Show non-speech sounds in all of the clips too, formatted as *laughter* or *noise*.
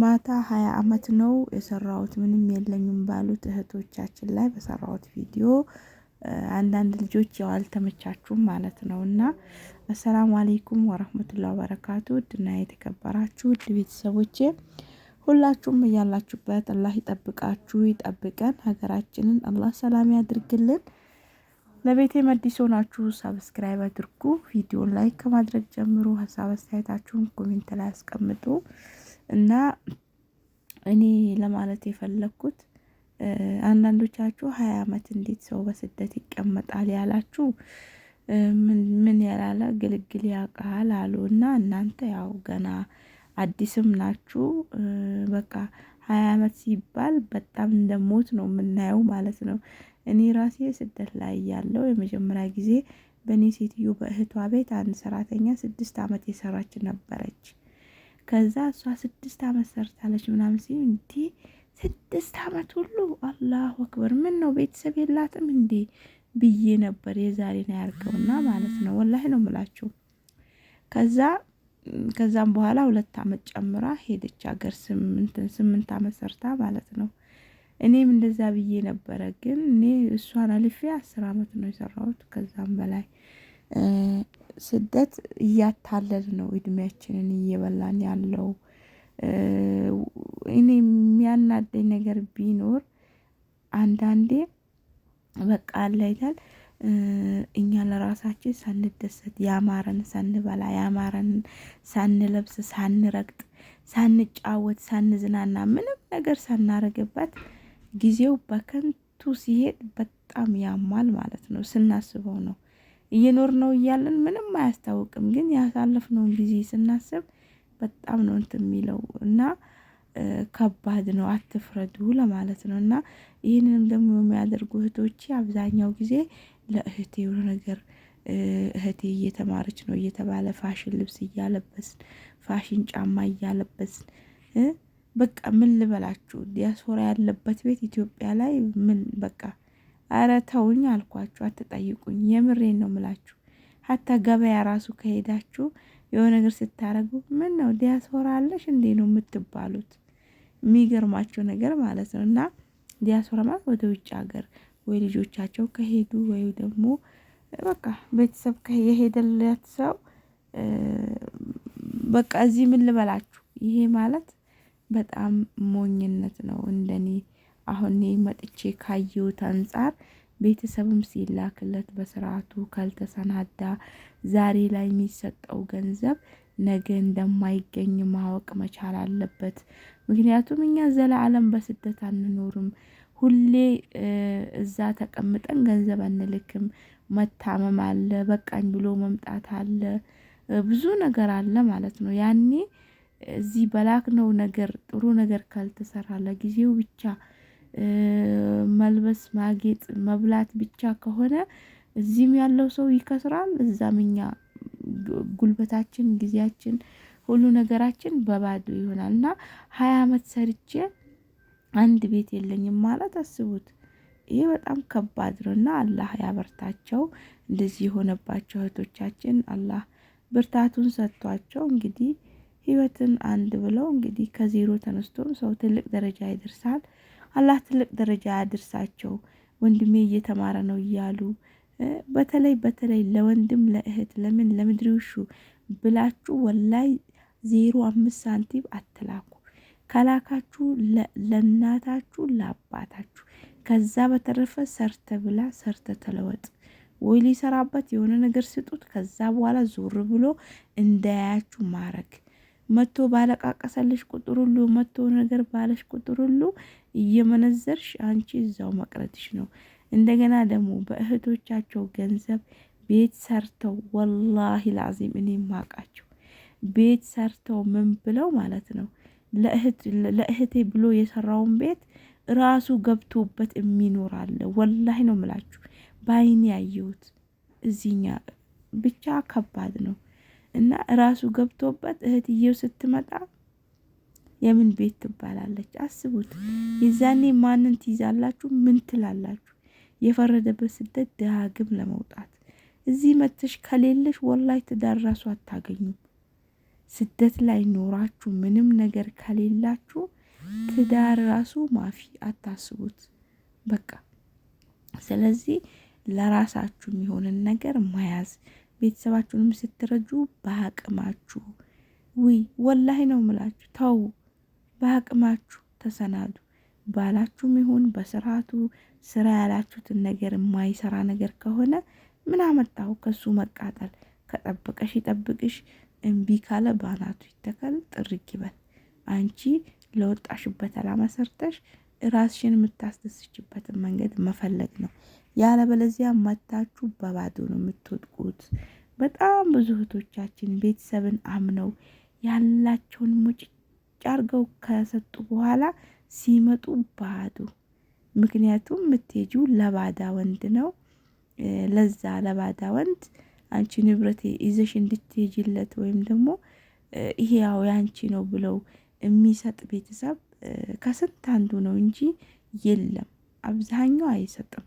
ማታ ሀያ አመት ነው የሰራሁት ምንም የለኝም ባሉት እህቶቻችን ላይ በሰራሁት ቪዲዮ አንዳንድ ልጆች ያው አልተመቻችሁም ማለት ነው። እና አሰላሙ አሌይኩም ወረህመቱላ በረካቱ ድና የተከበራችሁ ውድ ቤተሰቦቼ ሁላችሁም እያላችሁበት አላህ ይጠብቃችሁ ይጠብቀን። ሀገራችንን አላህ ሰላም ያድርግልን። ለቤቴ መዲሶ ናችሁ ሳብስክራይብ አድርጉ። ቪዲዮ ላይክ ከማድረግ ጀምሮ ሀሳብ አስተያየታችሁን ኮሜንት ላይ አስቀምጡ። እና እኔ ለማለት የፈለኩት አንዳንዶቻችሁ ሀያ አመት እንዴት ሰው በስደት ይቀመጣል ያላችሁ ምን ያላለ ግልግል ያውቃል አሉ እና እናንተ ያው ገና አዲስም ናችሁ። በቃ ሀያ አመት ሲባል በጣም እንደሞት ነው የምናየው ማለት ነው። እኔ ራሴ ስደት ላይ ያለው የመጀመሪያ ጊዜ በእኔ ሴትዮ በእህቷ ቤት አንድ ሰራተኛ ስድስት አመት የሰራች ነበረች። ከዛ እሷ ስድስት አመት ሰርታለች ምናምን ሲል እንዲ ስድስት አመት ሁሉ አላሁ አክበር፣ ምን ነው ቤተሰብ የላትም እንዴ ብዬ ነበር። የዛሬን አያርገውና ማለት ነው ወላሂ ነው ምላችሁ። ከዛ ከዛም በኋላ ሁለት አመት ጨምራ ሄደች ሀገር ስምንት አመት ሰርታ ማለት ነው። እኔም እንደዛ ብዬ ነበረ። ግን እኔ እሷን አልፌ አስር አመት ነው የሰራሁት ከዛም በላይ ስደት እያታለል ነው እድሜያችንን እየበላን ያለው። እኔ የሚያናደኝ ነገር ቢኖር አንዳንዴ በቃ አለ አይደል እኛ ለራሳችን ሳንደሰት ያማረን ሳንበላ ያማረን ሳንለብስ ሳንረግጥ ሳንጫወት ሳንዝናና ምንም ነገር ሳናረግበት ጊዜው በከንቱ ሲሄድ በጣም ያማል ማለት ነው። ስናስበው ነው እየኖር ነው እያለን ምንም አያስታውቅም። ግን ያሳለፍነውን ጊዜ ስናስብ በጣም ነው እንትን የሚለው እና ከባድ ነው። አትፍረዱ ለማለት ነው እና ይህንንም ደግሞ የሚያደርጉ እህቶች አብዛኛው ጊዜ ለእህቴ የሆነ ነገር እህቴ እየተማረች ነው እየተባለ ፋሽን ልብስ እያለበስን ፋሽን ጫማ እያለበስን በቃ ምን ልበላችሁ ዲያስፖራ ያለበት ቤት ኢትዮጵያ ላይ ምን በቃ ኧረ ተውኝ አልኳችሁ፣ አትጠይቁኝ። የምሬን ነው ምላችሁ። ሀታ ገበያ ራሱ ከሄዳችሁ የሆነ ነገር ስታረጉ ምን ነው ዲያስፖራ አለሽ እንዴ ነው የምትባሉት። የሚገርማቸው ነገር ማለት ነው። እና ዲያስፖራ ማለት ወደ ውጭ ሀገር ወይ ልጆቻቸው ከሄዱ ወይ ደግሞ በቃ ቤተሰብ የሄደለት ሰው በቃ እዚህ ምን ልበላችሁ፣ ይሄ ማለት በጣም ሞኝነት ነው እንደኔ አሁን መጥቼ ካየሁት አንጻር ቤተሰብም ሲላክለት በስርዓቱ ካልተሰናዳ ዛሬ ላይ የሚሰጠው ገንዘብ ነገ እንደማይገኝ ማወቅ መቻል አለበት። ምክንያቱም እኛ ዘለዓለም በስደት አንኖርም። ሁሌ እዛ ተቀምጠን ገንዘብ አንልክም። መታመም አለ፣ በቃኝ ብሎ መምጣት አለ፣ ብዙ ነገር አለ ማለት ነው። ያኔ እዚህ በላክነው ነገር ጥሩ ነገር ካልተሰራ ለጊዜው ብቻ መልበስ ማጌጥ መብላት ብቻ ከሆነ እዚህም ያለው ሰው ይከስራል፣ እዛም እኛ ጉልበታችን ጊዜያችን ሁሉ ነገራችን በባዶ ይሆናል እና ሀያ አመት ሰርቼ አንድ ቤት የለኝም ማለት አስቡት። ይሄ በጣም ከባድ ነው እና አላህ ያበርታቸው። እንደዚህ የሆነባቸው እህቶቻችን አላህ ብርታቱን ሰጥቷቸው እንግዲህ ህይወትን አንድ ብለው እንግዲህ ከዜሮ ተነስቶም ሰው ትልቅ ደረጃ ይደርሳል። አላህ ትልቅ ደረጃ ያድርሳቸው። ወንድሜ እየተማረ ነው እያሉ በተለይ በተለይ ለወንድም ለእህት ለምን ለምድሪውሹ ብላችሁ ወላይ ዜሮ አምስት ሳንቲም አትላኩ። ከላካችሁ ለእናታችሁ ለአባታችሁ። ከዛ በተረፈ ሰርተ ብላ ሰርተ ተለወጥ። ወይ ሊሰራበት የሆነ ነገር ስጡት። ከዛ በኋላ ዞር ብሎ እንዳያችሁ ማረግ መቶ ባለቃቀሰልሽ ቁጥር ሁሉ መቶ ነገር ባለሽ ቁጥር ሁሉ እየመነዘርሽ አንቺ እዛው መቅረትሽ ነው። እንደገና ደግሞ በእህቶቻቸው ገንዘብ ቤት ሰርተው ወላሂ ላዚም እኔ ማቃቸው ቤት ሰርተው ምን ብለው ማለት ነው ለእህቴ ብሎ የሰራውን ቤት ራሱ ገብቶበት የሚኖር አለ። ወላሂ ነው ምላችሁ፣ በአይኔ ያየሁት እዚኛ ብቻ ከባድ ነው። እና ራሱ ገብቶበት እህትየው ስትመጣ የምን ቤት ትባላለች? አስቡት። የዛኔ ማንን ትይዛላችሁ? ምን ትላላችሁ? የፈረደበት ስደት ዳግም ለመውጣት እዚህ መተሽ ከሌለሽ ወላይ ትዳር ራሱ አታገኙም። ስደት ላይ ኖራችሁ ምንም ነገር ከሌላችሁ ትዳር ራሱ ማፊ አታስቡት። በቃ ስለዚህ ለራሳችሁ የሚሆንን ነገር መያዝ ቤተሰባችሁንም ስትረጁ በአቅማችሁ ዊ ወላሂ ነው ምላችሁ ተው፣ በአቅማችሁ ተሰናዱ። ባላችሁም ይሁን በስርዓቱ ስራ ያላችሁትን ነገር የማይሰራ ነገር ከሆነ ምን አመጣሁ ከሱ መቃጠል? ከጠበቀሽ ይጠብቅሽ፣ እምቢ ካለ ባናቱ ይተከል። ጥርቅ ይበል። አንቺ ለወጣሽበት አላማ ሰርተሽ ራስሽን የምታስደስችበትን መንገድ መፈለግ ነው። ያለበለዚያ መታችሁ በባዶ ነው የምትወድቁት። በጣም ብዙ እህቶቻችን ቤተሰብን አምነው ያላቸውን ሙጭጭ አድርገው ከሰጡ በኋላ ሲመጡ ባዶ። ምክንያቱም የምትሄጂው ለባዳ ወንድ ነው። ለዛ ለባዳ ወንድ አንቺ ንብረት ይዘሽ እንድትሄጂለት ወይም ደግሞ ይሄ ያው ያንቺ ነው ብለው የሚሰጥ ቤተሰብ ከስንት አንዱ ነው እንጂ የለም አብዛኛው አይሰጥም።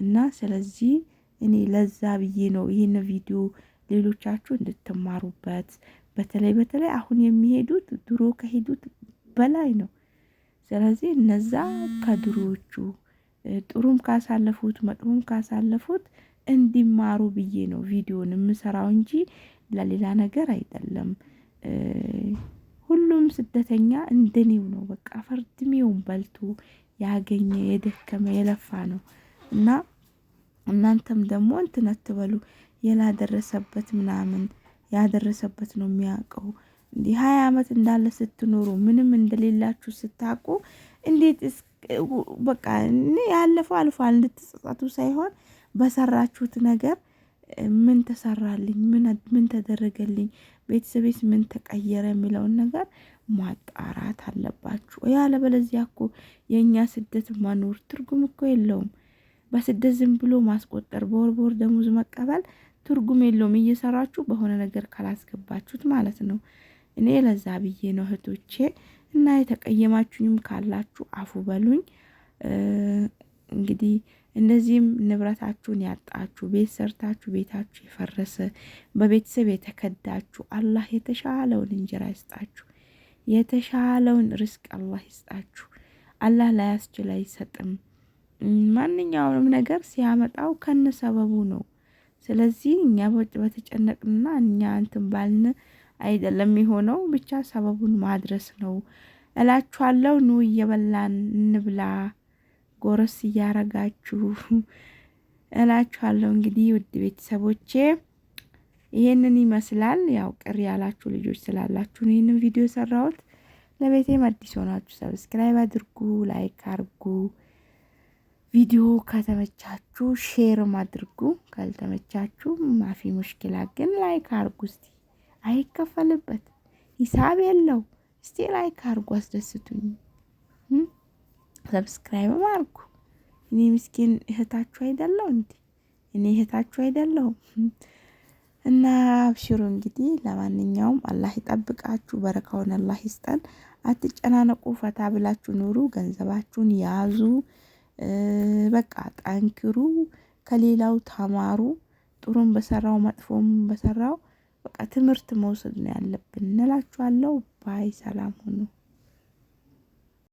እና ስለዚህ እኔ ለዛ ብዬ ነው ይህን ቪዲዮ ሌሎቻችሁ እንድትማሩበት በተለይ በተለይ አሁን የሚሄዱት ድሮ ከሄዱት በላይ ነው። ስለዚህ እነዛ ከድሮዎቹ ጥሩም ካሳለፉት መጥፎም ካሳለፉት እንዲማሩ ብዬ ነው ቪዲዮን የምሰራው እንጂ ለሌላ ነገር አይደለም። ሁሉም ስደተኛ እንደኔው ነው። በቃ ፈርድሜውን በልቶ ያገኘ የደከመ የለፋ ነው እና እናንተም ደግሞ እንትን አትበሉ። የላደረሰበት ምናምን ያደረሰበት ነው የሚያውቀው። እንዲህ ሀያ አመት እንዳለ ስትኖሩ ምንም እንደሌላችሁ ስታውቁ እንዴት በቃ ያለፈው አልፏል እንድትጸጸቱ ሳይሆን በሰራችሁት ነገር ምን ተሰራልኝ፣ ምን ተደረገልኝ፣ ቤተሰቤስ ምን ተቀየረ የሚለውን ነገር ማጣራት አለባችሁ። ያለበለዚያ እኮ የእኛ ስደት መኖር ትርጉም እኮ የለውም። በስደት ዝም ብሎ ማስቆጠር፣ በወር በወር ደሞዝ መቀበል ትርጉም የለውም፣ እየሰራችሁ በሆነ ነገር ካላስገባችሁት ማለት ነው። እኔ ለዛ ብዬ ነው እህቶቼ። እና የተቀየማችሁኝም ካላችሁ አፉ በሉኝ እንግዲህ እንደዚህም ንብረታችሁን ያጣችሁ፣ ቤት ሰርታችሁ ቤታችሁ የፈረሰ፣ በቤተሰብ የተከዳችሁ አላህ የተሻለውን እንጀራ ይስጣችሁ። የተሻለውን ርስቅ አላህ ይስጣችሁ። አላህ ላያስችል አይሰጥም። ማንኛውንም ነገር ሲያመጣው ከነ ሰበቡ ነው። ስለዚህ እኛ በተጨነቅና እኛ እንትን ባልን አይደለም የሆነው፣ ብቻ ሰበቡን ማድረስ ነው እላችኋለሁ። ኑ እየበላን እንብላ። ጎረስ እያረጋችሁ *laughs* እላችኋለሁ። እንግዲህ ውድ ቤተሰቦቼ ይሄንን ይመስላል። ያው ቅር ያላችሁ ልጆች ስላላችሁ ነው ይህንን ቪዲዮ የሰራሁት። ለቤቴም አዲስ ሆናችሁ ሰብስክራይብ አድርጉ፣ ላይክ አድርጉ። ቪዲዮ ከተመቻችሁ ሼርም አድርጉ፣ ካልተመቻችሁ ማፊ ሙሽኪላ ግን ላይክ አድርጉ። እስቲ አይከፈልበት ሂሳብ የለው። እስቲ ላይክ አድርጉ፣ አስደስቱኝ። ሰብስክራይብ አርጉ። እኔ ምስኪን እህታችሁ አይደለሁ እንዴ? እኔ እህታችሁ አይደለሁም? እና አብሽሩ እንግዲህ። ለማንኛውም አላህ ይጠብቃችሁ፣ በረካውን አላህ ይስጠን። አትጨናነቁ፣ ፈታ ብላችሁ ኑሩ፣ ገንዘባችሁን ያዙ፣ በቃ ጠንክሩ፣ ከሌላው ተማሩ። ጥሩም በሰራው መጥፎም በሰራው በቃ ትምህርት መውሰድ ነው ያለብን እንላችኋለሁ። ባይ ሰላም ሁኑ።